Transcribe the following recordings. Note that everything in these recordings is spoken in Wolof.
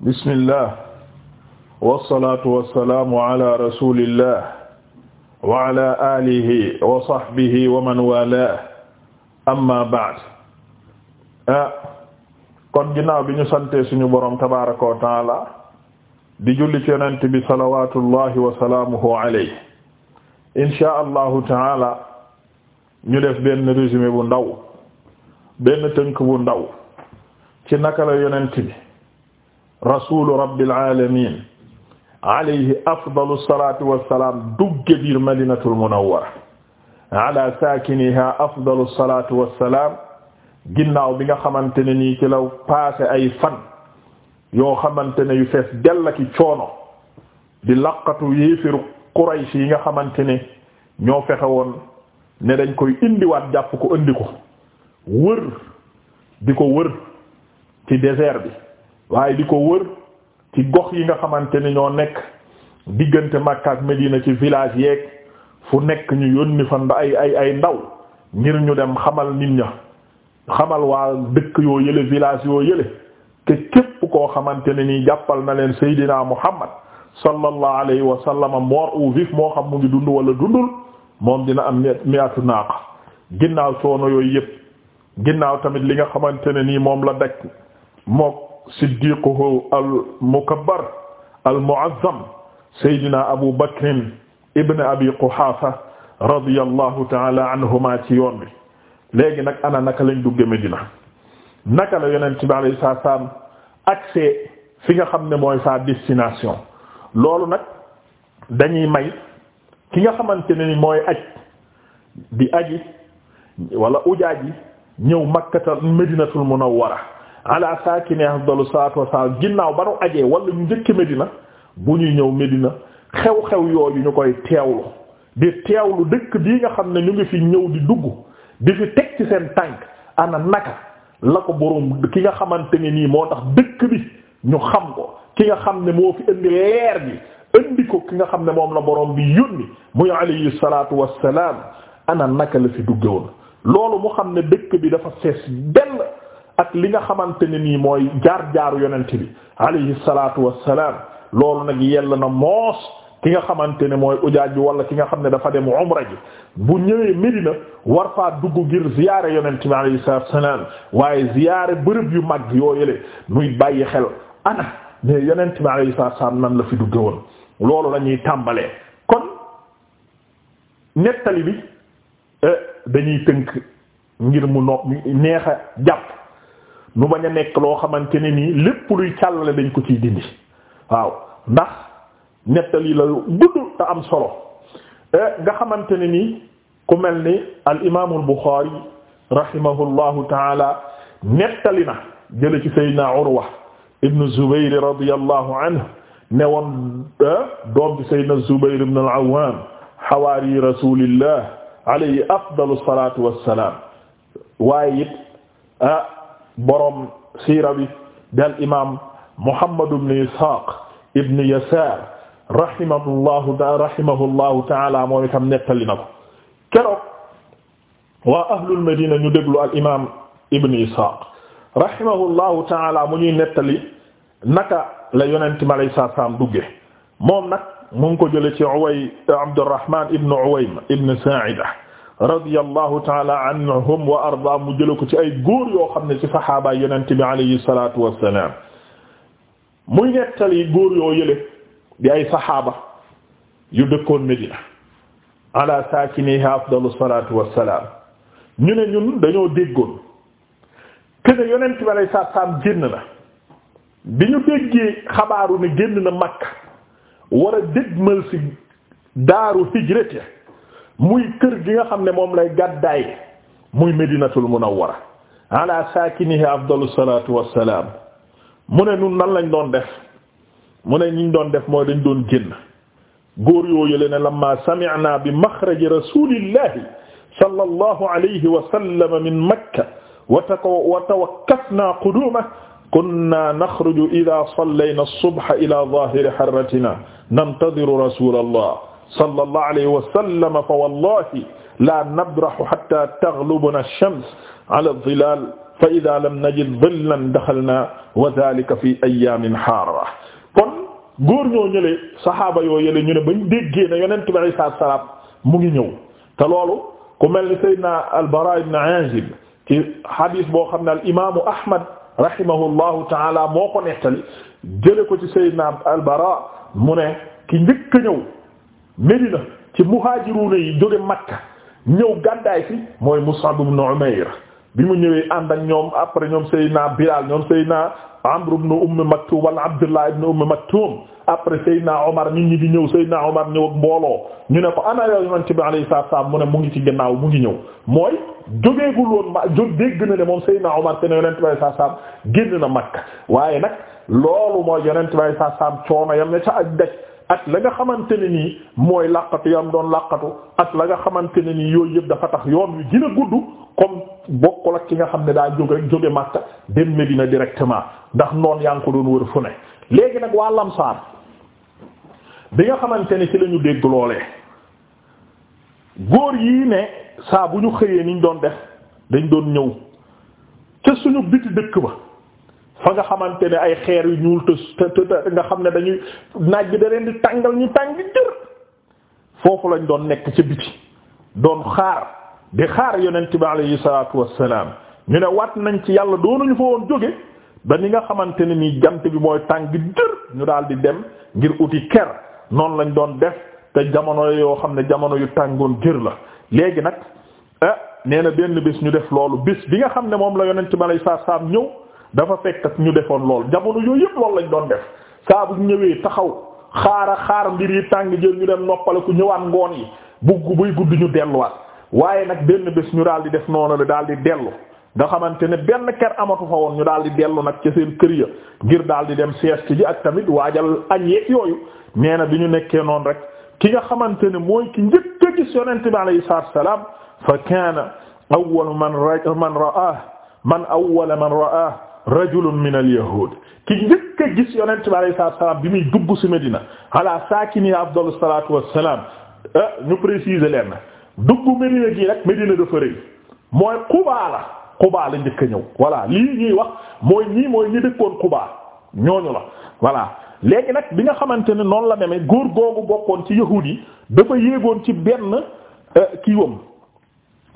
bismillah wasalaatu wasalaamu ala rasulillah wa ala alihi wa sahbihi wa man wala amma ba'd ah kon ginnaaw bi ñu sante suñu boroom tabaraka wa taala di julli ci yonent bi salawatullahi wa salaamuhu alayhi inshaa allahu taala ñu def benn résumé bu ndaw benn tënk bu ndaw ci naka la yonent bi rasulu rabbil alamin alayhi afdalu salatu wassalam dugge biir madinatul munawwara ala saakiniha afdalu salatu wassalam ginnaaw bi nga xamante ne nii ci la passé ay fan yoo xamante ne yu fees dellaki coono di laqatu yéefiru Quraysh yi nga xamante ne ñoo fexe woon ne dañ koy indiwaat jàpp ko indi ko wër di ko wër ci désert bi waaye di ko wër ci gox yi nga xamante ni ñoo nekk diggante Makka ak Medina ci village yeeg fu nekk ñu yónni fa ay ay ay ndaw ngir ñu dem xamal nit ña xamal waa dëkk yoo yële village yoo yële te képp koo xamante ne nii jàppal na leen Seydina Muhammad sallallahu alayhi wa sallam mort ou vif moo xam mu ngi dund walla dundul moom dina am miatu naaqa ginnaaw soono yooyu yëpp ginnaaw tamit li nga xamante ne nii moom la daj mook siddiquhu al mukabbar al mu'azzam saydina abu bakrin ibn abi quhaafa radiyallahu taala anhuma ci yoon bi léegi nag ana naka lañ dugge Medina naka la yonent bi alayhi salaatu salaam accès fi nga xam ne mooy sa loolu nag dañuy may ki nga xamante ne ni mooy aj di aji wala ujaaj yi ñëw makkatal medinatul munawwara ala saakini afdalu salaatu wassalaam ginnaaw ba nu ajee wala ñu njëkk Medina bu ñuy ñëw Medina xew-xew yooyu ñu koy teewlu di teewlu dëkk bii nga xam ne ñu ngi fi ñëw di dugg di fi teg ci seen tànk ana naka la ko boroom ki nga xamante ne nii moo tax dëkk bi ñu xam ko ki nga xam ne moo fi indi leer bi indi ko ki nga xam ne moom la boroom bi yónni muy alayhi salaatu wassalaam ana naka la fi dugge woon loolu mu xam ne dëkk bi dafa fees benn ak li nga xamante ne nii mooy jaar-jaaru yonent bi alayhi salaatu wassalaam loolu nag yell na moos ki nga xamante ne mooy ujaaj bi wala ki nga xam ne dafa dem umra ji bu ñëwee Medina war faa dugg ngir ziyaare yonent bi alayhi salaatu waaye ziyaare bërëb yu mag yooyele muy bàyyi xel ana mais yonent bi alayhi salaatu nan la fi dugge woon loolu lañuy ñuy tàmbalee kon nettali bi eh, dañuy tënk ngir mu nopp neexa jàpp mu bañ a nekk loo xamante ne nii lépp luy càllale dañ ko ciy dindi waaw ndax nettali la gudd te am solo eh, nga xamante ne nii ku mel ni al imaamul Buxaari rahimahullahu taala nettali na jële ci Seydina Urwa ibnu Zubayr radiyallahu anhu ne woon eh, doom bi Seydina Zubayr ibn al-Awwam xawaari rasulillah alayhi afdalu salatu wassalam waaye eh, boroom siira bi dal imaam Muhammad ibn Ishaq ibn Yasaar rahimahullahu rahimahullahu ta'ala moom itam nettali na ko keroog waa ahlul madina ñu déglu al imaam ibn Ishaq rahimahullahu ta'ala mu ñuy nettali naka la yonent mi alayhi salaatu salaam dugge moom nag mu ngi ko jële ci Uway Abdurrahman ibn Uwaym ibn Saa'ida radiyallahu taala anhum wa arda mu jële ko ci ay góor yoo xam ne ci saxaaba yonente bi alayhi salatu wassalam muy nettali góor yoo yële di ay saxaaba yu dëkkoon Medina ala saakiniha afdalu salatu wassalam ñu ne ñun dañoo déggoon kene yonent bi alayhi salatu wassalam génn na bi ñu déggee xabaaru ne génn na Makka war a dégmal ci daaru hijrati muy kër gi nga xam ne moom lay gàddaay muy medinatul munawwara ala saakinihi afdalu salaatu wassalaam mu ne nun nan lañ doon def mu ne ñiñ doon def mooy dañ doon génn góor yooyu le ne lamma sami'na bi maxraji rasulillahi sallallahu alayhi wa sallam min makka wa tawakkafna qudumahu kunna naxruju idha sallayna as-subha ila dhahiri harratina nantadhiru rasulallah sallallahu alayhi wa sallam fa wallahi la nabrahu hatta taghlubuna ash-shams ala adh-dhilal fa idha lam najid dhillan dakhalna wa dhalika fi ayyamin harra kon góor ñoo ñële saxaaba yoo yële ñu ne bañ déggee ne yonent bi alayhi salaatu salaam mu ngi ñëw te loolu ku mel ni Seydina al-Baraa ibn Aazib ci hadis boo xam ne al imaamu Ahmad rahimahullahu taala moo ko nettali jële ko ci Seydina al-Baraa mu ne ki njëkk a ñëw. Medina ci muhaajiruuna yi jóge Makka ñëw gàddaay fi mooy Mus'ab ibn Umayr bi mu ñëwee ànd ak ñoom après ñoom Seydina Bilal ñoom Seydina Amr ibn Umm Maktum wala Abdullah ibn Umm Maktum après Seydina Omar nit ñi di ñëw Seydina Omar ñëw ak mbooloo ñu ne ko ana yow yonent bi alayhi salaatu salaam mu ne mu ngi ci gannaaw mu ngi ñëw mooy jógeegul woon ma jóg dégg na ne moom Seydina Omar te ne yonent bi alayhi salaatu salaam génn na Makka waaye nag loolu mooy yonent bi alayhi salaatu salaam coono ak daj ak la nga xamante ne nii mooy làqatu yam doon làqatu ak la nga xamante ne nii yooyu yëpp dafa tax yoon yu gën a gudd comme bokkul ak ki nga xam ne daa jóg rek jóge Makka dem Medina directement ndax noon yaa ngi ko doon wër fu ne léegi nag waa Lamsaar bi nga xamante ne ci lañu ñu dégg loolee góor yii ne saa bu ñu xëyee niñ doon def dañ doon ñëw ca suñu biti dëkk ba fa nga xamante ne ay xeer yu ñuul te te nga xam ne dañuy naaj bi da leen di tàngal ñu tàng jër foofu lañ doon nekk ca biti doon xaar di xaar yonent bi alayhi salaatu wassalaam ñu ne wat nañ ci yàlla doonuñu fa woon jóge ba ni nga xamante ne nii jant bi mooy tàng jër ñu daal di dem ngir uti ker noonu lañ doon def te jamono yoo xam ne jamono yu tàngoon jër la léegi nag ah nee na benn bés ñu def loolu bis bi nga xam ne moom la yonent bi alayhi sa wassalaam ñëw. dafa fekk ak ñu defoon lool jamono yooyu yëpp loolu lañ doon def saa ñëwee taxaw xaara xaar mbir yi tàng jël ñu dem noppale ku ñëwaat ngoon yi bugg buy gudd ñu delluwaat waaye nag benn bés ñu daal di def noonu la daal di dellu nga xamante ne benn ker amatu fa woon ñu daal di dellu nag ca seen kër ya ngir daal di dem sieste ji ak tamit waajal añ yeeg yooyu nee na bi ñu nekkee noonu rek ki nga xamante ne mooy ki njëkk a gis yonent bi alayhi salaam fa kaana awwal man man man awwal man rajulun min al yahud ki njëkk a gis yonent bi alayhi salaam bi muy dugg ci Medina ala saakini afdalu salaatu wassalaam eh, ñu préciser leen dugg Medina gi rek Medina dafa rëy mooy Quba la Quba la njëkk a ñëw voilà lii ñuy wax mooy ñii mooy ñi dëkkoon Quba ñooñu la voilà léegi nag bi nga xamante ne noonu la demee góor googu bokkoon ci yahuud yi dafa yéegoon ci benn eh, kiiwam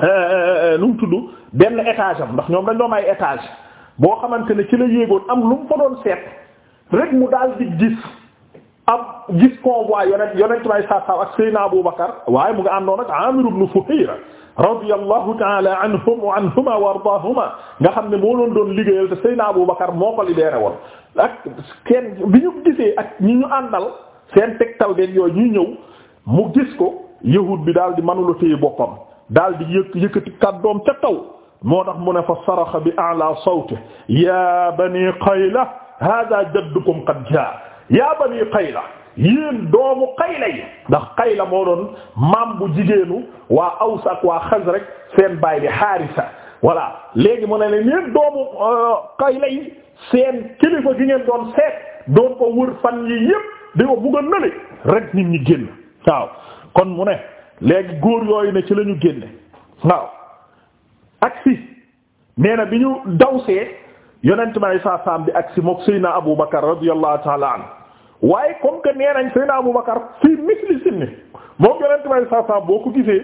eh, nu mu tudd benn étage am ndax ñoom dañ ay étage boo xamante ne ci la yéegoon am lu mu fa doon seet rek mu daal di gis am gis convoi yonent yonent may saa saa ak Seydina Abu Bakar waaye mu nga àndoon ak Amir ibn Fuhayra radiyallahu ta'ala anhum wa anhuma wa ardaahuma nga xam ne moo doon doon liggéeyal te Seydina Abu Bakar moo ko libéré woon ak kenn bi ñu gisee ak ñi ñu àndal seen tegtal benn yooyu ñuy ñëw mu gis ko yahud bi daal di mënula téye boppam daal di yëkkati kàddoom ca taw moo tax mu ne fa saraxa bi a'la sawti yaa bani qayla hada jaddukum qad jaa yaa bani qayla yéen doomu qayla yi ndax qayla moo doon maam bu jigéenu waa Aws ak waa Xasraj seen baay bi Haarisa voilà léegi mu ne leen yéen doomu euh, qayla yi seen kilifa gi ngeen doon seet doon ko wër fan yi yépp di ko bugg a rek nit ñi génn waaw kon mu ne léegi góor yooyu ne ci la ñu génne aksi nee bi ñu dawsee yonent bi saa saam bi aksi mook Seydina Abu Bakar radiyallahu ta'ala anhu waaye comme que nee nañ Seydina Abu Bakar fii misli sinni moom yonent bi saa saam boo ko gisee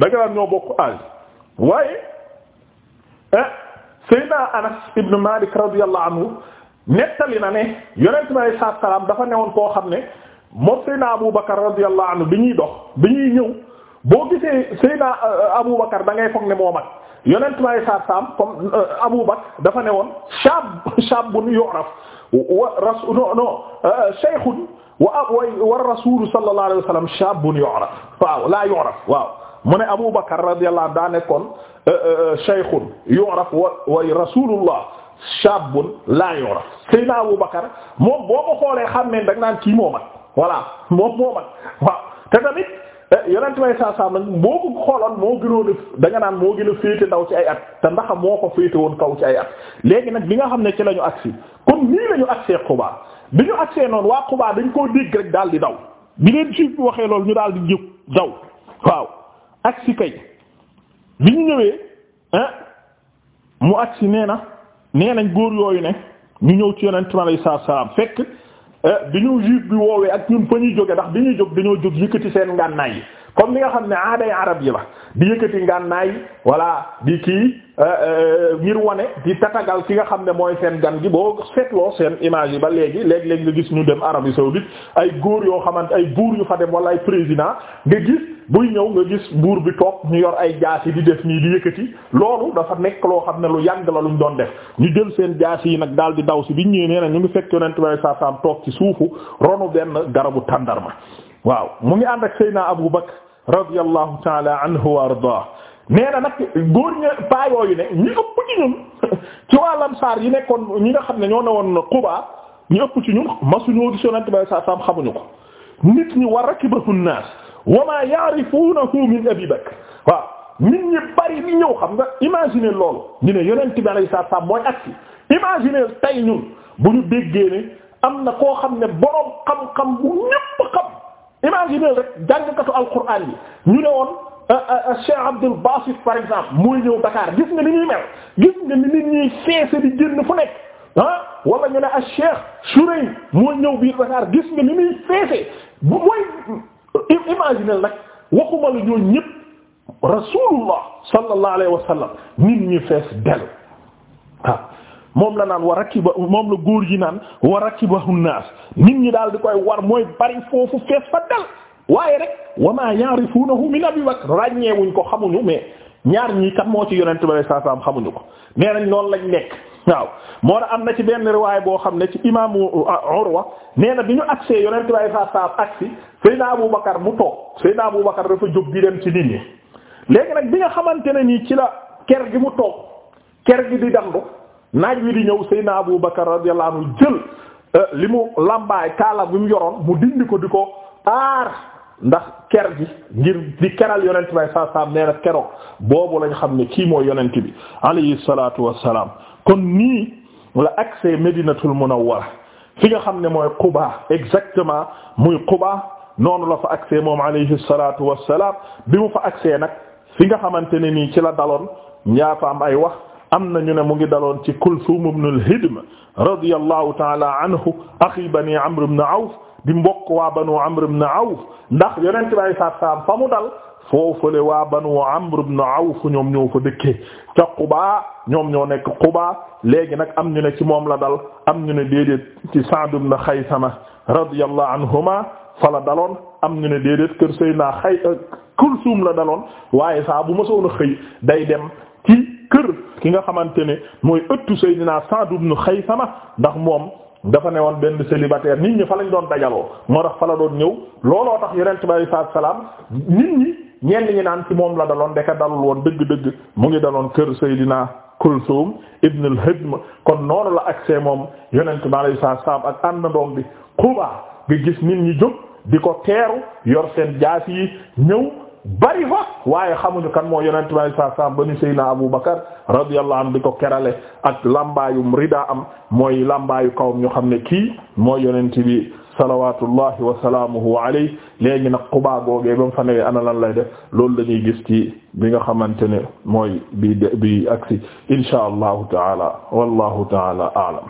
danga daan ñoo bokk âge waaye ah Seydina Anas ibn Malik radiyallahu anhu nettali na ne yonent bi saa saam dafa newoon koo xam ne moom Seydina Abu Bakar radiyallahu anhu bi ñuy dox bi ñuy ñëw boo gisee Seydina eh, Abu Bakar da foog ne moo mag yonent ma ay saar saam comme euh, Abu Bakr dafa ne woon shaab shaabun yu'raf wa rasul non non euh, shaykhun wa wa rasul sallallahu alayhi wa sallam shaabun yu'raf waaw la yu'raf waaw mu ne Abu Bakr radiyallahu anhu daa nekkoon euh, shaykhun yu'raf wa wa rasulullah shaabun la yu'raf Seydina Abu Bakr moom boo ko xoolee xam ne da nga naan kii moo mag voilà moom moo mag waaw te tamit Eh, yonent sa saa saa nag boo ko xooloon moo gënoon a da naan moo gën a féete ndaw ci ay at te ndax moo ko féete woon kaw ci ay at léegi nag bi nga xam ne ci lañu ñu agsi kon nii la ñu agsee Quba bi ñu agsee noonu waa Quba dañ koo dégg rek daal di daw bi leen juif bi waxee loolu ñu daal di jóg daw waaw agsi kay bi ñu ñëwee ah mu agsi nee na nee nañ góor yooyu ne ñu ñëw ci yonent ma lay saa saa fekk. Eh, bi ñu juif bi woowee ak ñun fa ñuy jóge ndax bi ñuy jóg dañoo jóg yëkkati seen ngànnaay yi comme li nga xam ne aaday arab yi la di yëkkati ngànnaay voilà di kii Euh, euh, ngir wane di tatagal ki nga xam ne mooy seen gan gi boo seetloo seen image yi ba léegi léeg-léeg nga gis ñu dem Arabie saoudite ay góor yoo xamante ay buur yu fa dem wala ay président nga gis buy ñëw nga gis buur bi toog ñu yor ay yi di def nii di yëkkati loolu dafa nekk loo xam ne lu yàgg la luñ doon def ñu jël seen jaasi yi nag daal di daw si biñ ñëwee nee na ñu ngi fekk yonent bi saa saam toog ci suufu ronu benn garabu tàndarma waaw mu ngi ànd ak Seydina Abu Bakr radiyallahu ta'ala anhu wa ardaah nee na nag góor ña paa yooyu ne ñu ëpp ci ñun ci waa lamsaar yi nekkoon ñi nga xam ne ñoo ne woon Quba ñu ëpp ci ñun masuñoo gis yonent bi saa saam xamuñu ko nit ñi war a nnaas wa maa ya'rifuunahu min Abi Bakr waaw nit ñi bari ni ñëw xam nga imaginer loolu ñu ne yonent bi alayhi salaatu salaam mooy agsi imaginer tey ñun bu ñu déggee ne am na koo xam ne boroom xam-xam bu ñépp xam imaginer rek jàngkatu alquran yi ñu ne woon Euh, euh, euh, Cheikh Abdul Basit par exemple mooy ñëw Dakar gis nga ni ñuy mel gis nga ni nit ñuy feese di génn fu nekk ah wala ne a Cheikh Sourey mooy ñëw biir Dakar gis nga ni muy feese bu mooy imaginer nag waxuma la ñoo ñëpp rasulullah sallallahu alayhi wa nit ñi fees del ah, moom la naan wa rakiba moom la góor gi naan wa rakibahu naas nit ñi daal di koy war mooy bari foofu fees fa del waaye rek wa maa ya'rifuunahu min Abi Bakr ràññeewuñ ko xamuñu mais ñaar ñii kat moo ci yonent bi saa saam xamuñu ko nee nañ noonu lañ nekk waaw moo tax am na ci benn riwaay boo xam ne ci imaamu ah, Urwa nee na bi ñu agsee yonent bi saa saam agsi Seydina Abu Bakar mu toog Seydina Abu Bakar dafa jóg di dem ci nit ñi léegi nag bi nga xamante ne nii ci la ker gi mu toog ker gi di dandu naaj wi di ñëw Seydina Abu Bakar radiyallahu anhu jël euh, li mu lambaay kaala bi mu yoroon ko di ko. aar ndax ker gi ngir di keral yonent bay saa saam nee na keroog boobu lañ xam ne kii mooy yonent bi alayhi salaatu wassalaam kon nii la accès Medinatul Munawwara fi nga xam ne mooy Quba exactement muy Quba noonu la fa accès moom alayhi salaatu wassalaam bi mu fa accès nag fi nga xamante ne nii ci la daloon ñaa fa am ay wax am na ñu ne mu ngi daloon ci Kulthum ibn al-Hidm radiyallahu ta'ala anhu axi bani Amr ibn Awf di mbokk waa banu amr ibn awf ndax yonent bay saat saam fa mu dal foofale waa banu amr ibn awf ñoom ñoo fa dëkkee ca qubaa ñoom ñoo nekk qubaa léegi nag am ñu ne ci moom la dal am ñu ne déedéet ci sa'd ibn xaysama radiyallahu anhuma fa la daloon am ñu ne déedéet kër sayna xay euh, suum la daloon waaye saa bu mësoon a xëy day dem ci kër ki nga xamante ne mooy ëttu sayyidina Sa'd ibn Xaysama ndax moom dafa ne woon benn célibataire nit ñi fa lañ doon dajaloo moo tax fa la doon ñëw looloo tax yonent bi saa salaam nit ñi ñenn ñi naan ci moom la daloon ndeka dalul woon dëgg-dëgg mu ngi daloon kër Seydina Kulsum ibn al-Hidm kon noonu la accès moom yonent bi saa salaam ak àndandoom bi Quba nga gis nit ñi jóg di ko teeru yor seen jaas yi ñëw. bari fa waaye xamuñu kan moo yonent bi sallallahu alayhi wa sallam ba ñu Seydina Abu Bakar radiyallahu anhu di ko kerale ak lambaayum rida am mooy lambaayu kawam ñu xam ne kii moo yonent bi salawatullahi wa salaamuhu alayhi léegi nag Quba googee ba fa newee ana lan lay def loolu la gis ci bi nga xamante ne mooy bi bi aksi insha allahu taala wallahu taala aalam